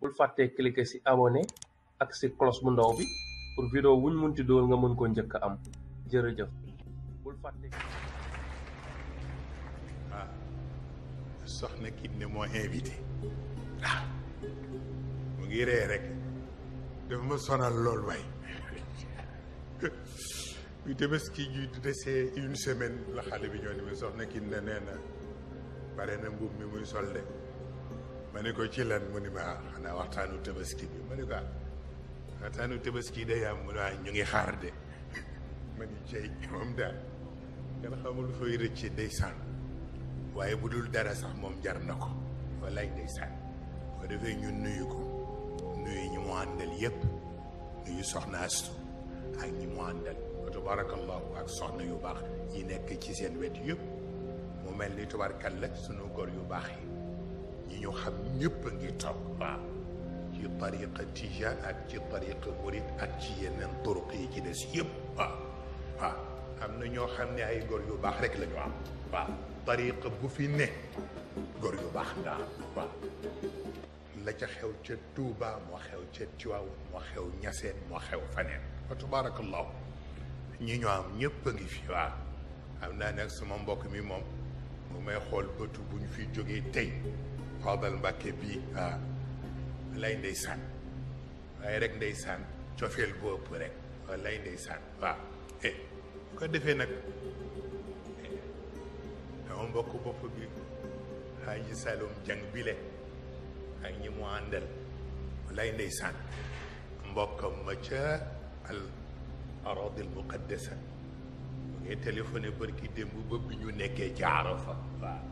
bul fàtte cliquer abonner abonné ak la cloche pour vidéo wuñ munti dool nga mën ko njëkk am jërëjëf ah invité ah mu ngi ree rek dafa ma sonal lool une semaine la xale bi ñoo na na ma ne ko ci lan mu ni ma xanaa waxtaanu tabaski bi ma ne ko ah waxtaanu tabaski day am mu ne ah ñu ngi xaar de ma ni jey moom daal kenn xamul fooy rëcc ndeysaan waaye bu dul dara sax moom jar na ko walaay ndeysaan boo defee ñu nuyu ko nuyu ñi mu àndal yépp nuyu soxna Astu ak ñi mu àndal wa tabarakallahu ak soxna yu baax yi nekk ci seen wet yëpp mu mel ni tubaarkal la sunu góor yu baax ñëpp a ngi taw waaw ci tariqa tijaan ak ci tariqa murid ak ci yeneen turuq yi ci des yëpp waaw waaw am na ñoo xam ne ay góor yu baax rek la ñu am waaw tariqa bu fi ne góor yu baax nga am waaw la ca xew ca Touba moo xew ca Tiwaaw moo xew Ñaseen moo xew faneen fa tabarakallahu ñi ñu am ñëpp a ngi fi waaw am naa nag sama mbokk mi moom mu may xool bëtu bu ñu fi jógee tey Fadal Mbacke bii waaw lay ndeysaan waaye rek ndeysaan cofeel gu ëpp rek waaw lay ndeysaan waaw e bu ko defee nag dama mbokk bopp bi Haji Saloum Dieng bile ak ñi mu àndal lay ndeysaan mbokkam ma ca al arad al muqaddasa mu ngi téléphoné barki démb ba bi ñu nekkee ca Arafa waaw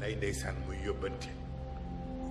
lay ndeysaan muy yóbbante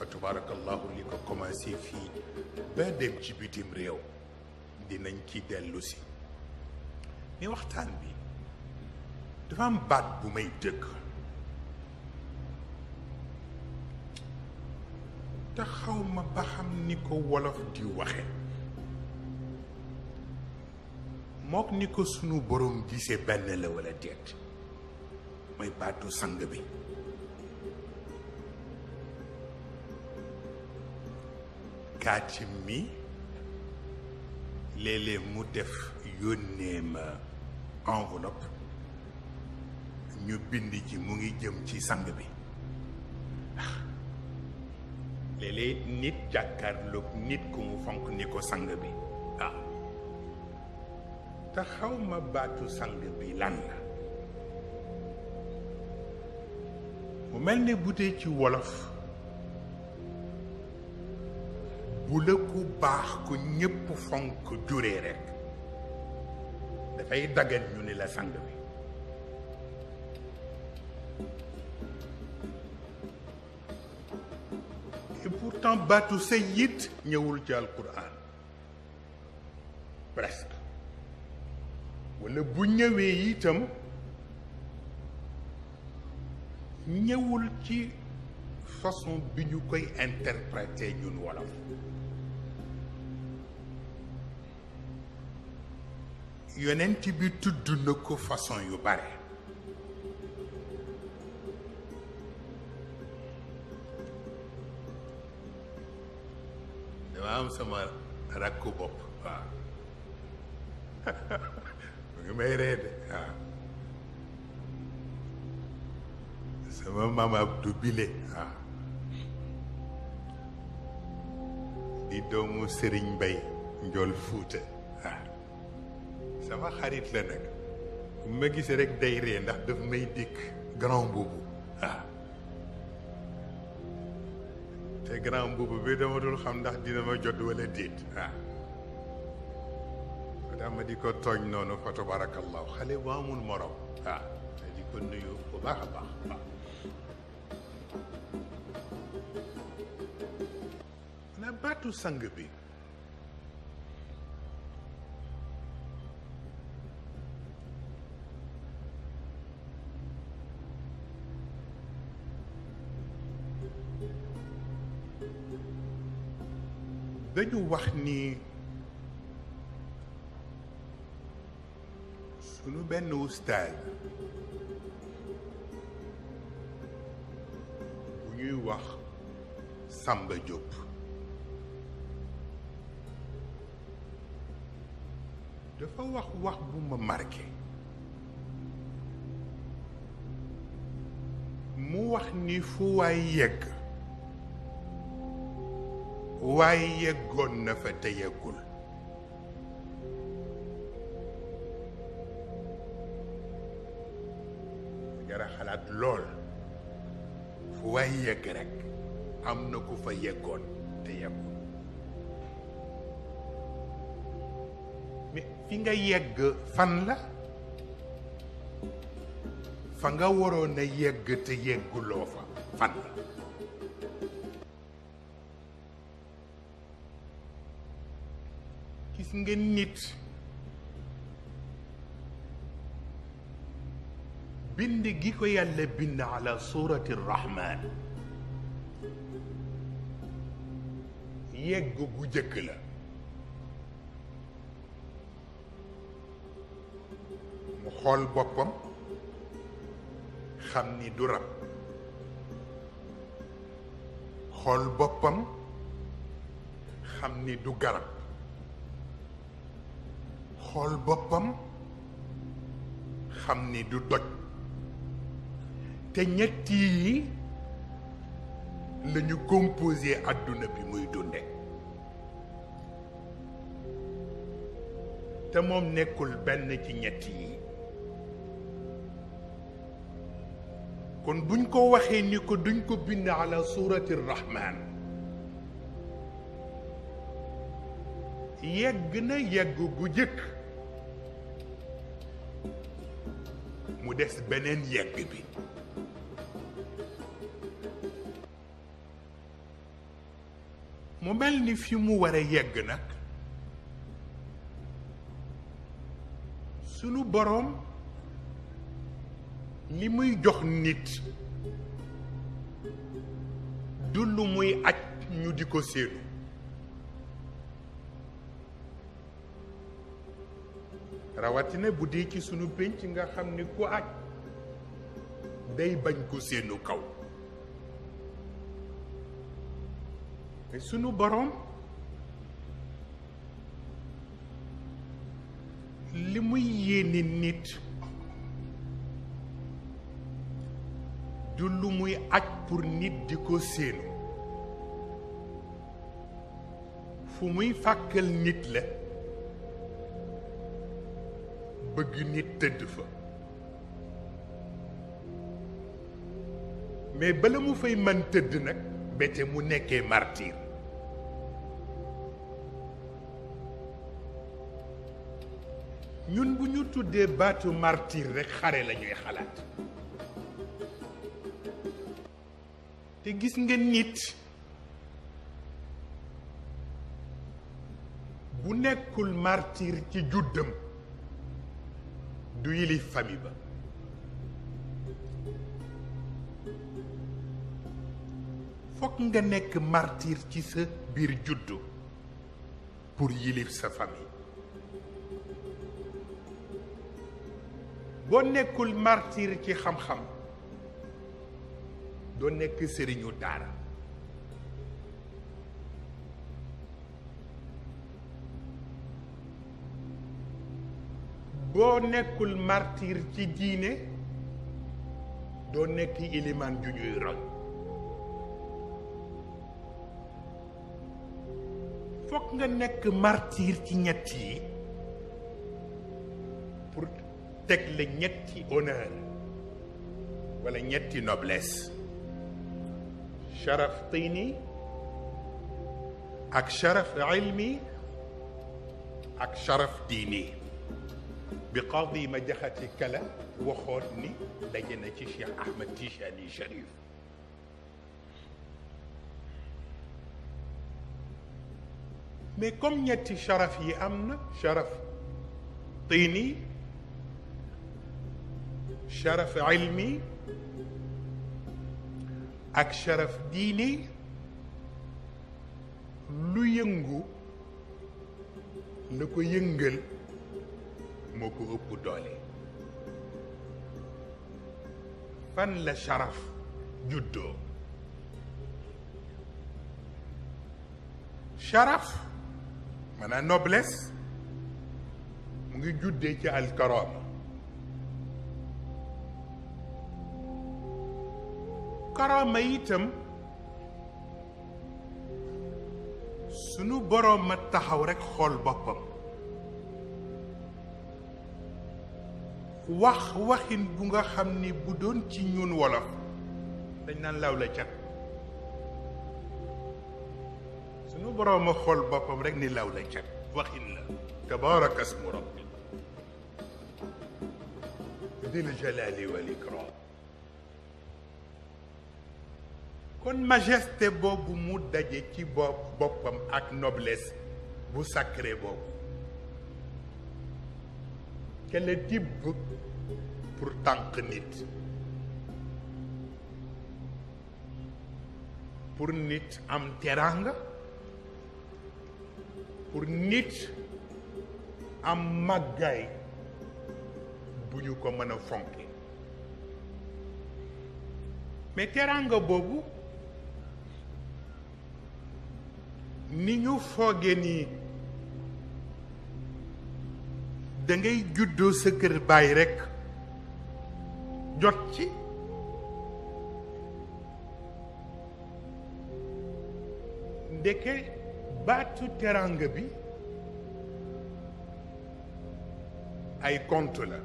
وتبارك الله لك كما في بادم جبتي مريو دي نانكي دال لوسي مي وقتان بي دفان باد بومي دك تخاو ما بخم نيكو ولف دي وخي موك نيكو سنو بروم دي سي بن لا ولا ديت ماي باتو سانغ بي kaatim mi léeg-léeg mu def yónnee ma enveloppe ñu bind ci mu ngi jëm ci sang bi léeg-léeg nit jàkkaarloog nit ku mu fonk ni ko sang bi waaw te xaw ma baatu sang bi lan la mu mel ni buté ci wolof bu la ku baax ku ñépp fonk juree rekk dafay dagan ñu ni la sang bi et pourtant baatu sayyid ñewul ci alquran presque wala bu ñëwee itam ñewul ci façon bi ñu koy interpréter ñun wolof yonent bi tudd na ko façon yu bare dama am sama rakku bopp waaw mu ngi may reede waaw sama maam Abdou Bile waaw di doomu Serigne Mbaye Njool Fuuta sama xarit la nag bu ma gisee rek day ree ndax daf may dikk grand boobu ah te grand boobu bi dama dul xam ndax dina ma jot wala déet ah dama di ko tooñ noonu fa tabarakallahu xale bu amul morom ah te di ko nuyu bu baax a baax waaw na baatu sang bi dañu wax ni sunu benn ustaaz bu ñuy wax sàmba Diop dafa wax wax bu ma marqué mu wax ni fu waay yegg waay yeggoon na fa te yeggul jara xalaat lool fu waay yegg rek am na ku fa yeggoon te yeggul fi nga yegg fan la fa nga waroon a yegg te yegguloo fa fan la gis nga nit bind gi ko yàlla bind ala surati rahman yegg gu jëkk la mu xool boppam xam ni du rab xool boppam xam ni du garab xol boppam xam ni du doj te ñetti yi lañu ñu composé àdduna bi muy dunde te moom nekkul benn ci ñetti yi kon buñ ko waxee ni ko duñ ko bind ala surati rahman yegg na yegg gu jëkk mu des beneen yegg bi mu mel ni fi mu war a yegg nag sunu boroom li muy jox nit du muy aj ñu di ko séenu rawatina bu dee ci sunu pénc nga xam ni ku aj day bañ ko seenu kaw te sunu boroom li muy yéene nit du lu muy aj pour nit di ko seenu fu muy fàkkal nit la bëgg nit tëdd fa mais bala mu fay mën tëdd nag bete mu nekkee martyr ñun bu ñu tuddee baatu martyr rekk xare la xalaat te gis nga nit bu nekkul martyr ci juddam du yilif famille ba fokk nga nekk martyr ci sa biir juddu pour yilif sa famille boo nekkul martyr ci xam-xam doo nekk sëriñu daara boo nekkul martyr ci diine doo nekk ilimaan ju ñuy roy fokk nga nekk martyr ci ñett yi pour teg la ñetti honneur wala ñetti noblesse sharaf ak sharaf ilmi ak sharaf diini بقاضي مدخة كلا وخورني لجنة الشيخ أحمد تيشاني شريف مي كم يتي شرف يا أمن شرف طيني شرف علمي اك شرف ديني لو ينغو لكو ينجل moo ko doole fan la Sharaf juddoo Sharaf maanaam noblesse mu ngi juddee ci alkarama karama itam sunu boroom ma taxaw rekk xool boppam wax waxin bu nga xam ni bu doon ci ñun wolof dañ naan law la cat sunu borom ma xol boppam rek ni law la cat waxin la tabaraka asmu rabbi jalali wal ikram kon majesté boobu mu daje ci bopp boppam ak noblesse bu sacré boobu te la tibb pour tànq nit pour nit am teraanga pour nit am màggaay bu ñu ko mën a fonke mais teraanga boobu ni ñu fooge nii da ngay juddoo sa kër bàyyi rekk jot ci ndeke baatu teranga bi ay compte la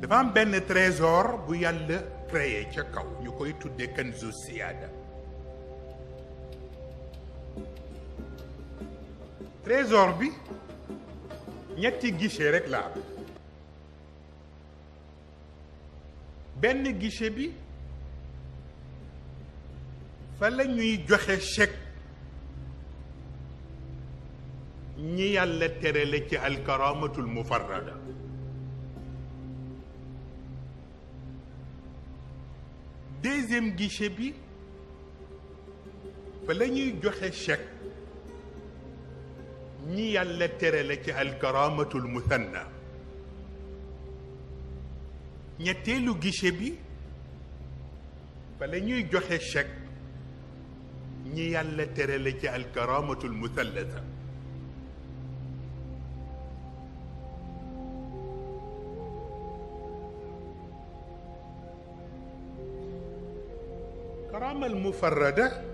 dafa am benn trésor bu yàlla créé ca kaw ñu koy tudde kanzu trésor bi ñetti guichet rek la am benn guichet bi fa la ñuy joxe chèque ñi yàlla terale ci alkaramatul mufarrada deuxième guichet bi fa la ñuy joxe chèque ني التر لك الكرامة المثنى نتيلو جيشبي فلنيو جوخي الشك ني التر لك الكرامة المثلثة كرامة المفردة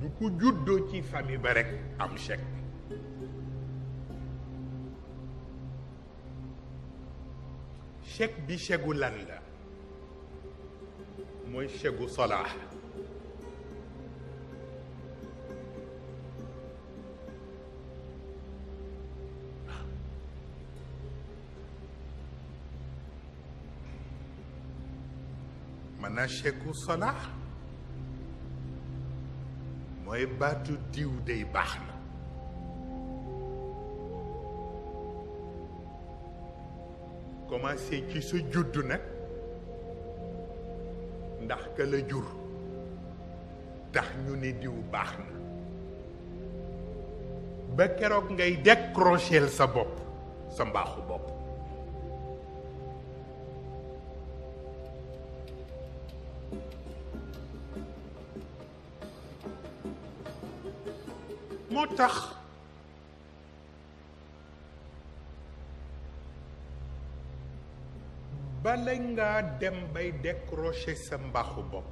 du ku juddoo ci famille Barek am chèque chèque bi chegu lan la mooy chegu solaax mën naa chegu mooy baatu diw day baax na commencé ci sa juddu nag ndax ka tax ñu ne diw baax na ba keroog ngay décrocher sa bopp sa mbaaxu bopp مطخ bala ngaa dem bay décrocher sa mbaxu bopp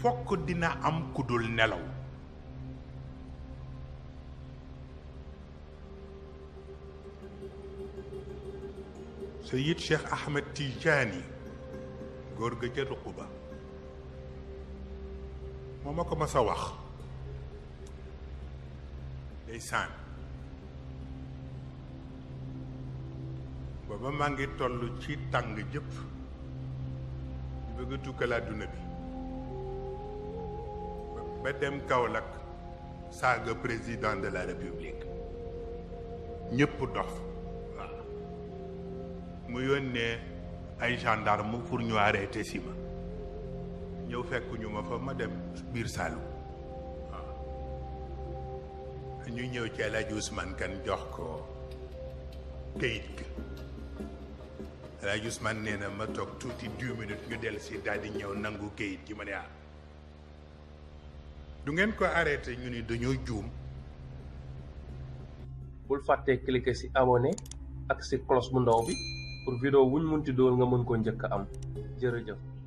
fokk dina am kudul nelaw Seyid Cheikh Ahmed Tijani góor ga ca ruq ba moom ma ko mas a wax ndeysaan booba maa ngi ci tang jëpp di bëgg tukkal àdduna bi ba dem Kaolack saga président de la république Ñepp dof waaw mu yonne ay gendarme pour ñu arrêté si ñëw fekkuñu ma fa ma dem biir Saalum waaw ah. ñëw ci El Hadj kan jox ko kayit gi El Hadj na ma toog tuuti dix minutes ñu del si daal di ñëw nangu kayit gi ma ne ah du ngeen ko arrêté ñu ni duñu juum. bul fàtte cliquer ci abonné ak ci cloche bu ndaw bi pour vidéo wuñ munti doon nga mën koo njëkk a am jërëjëf.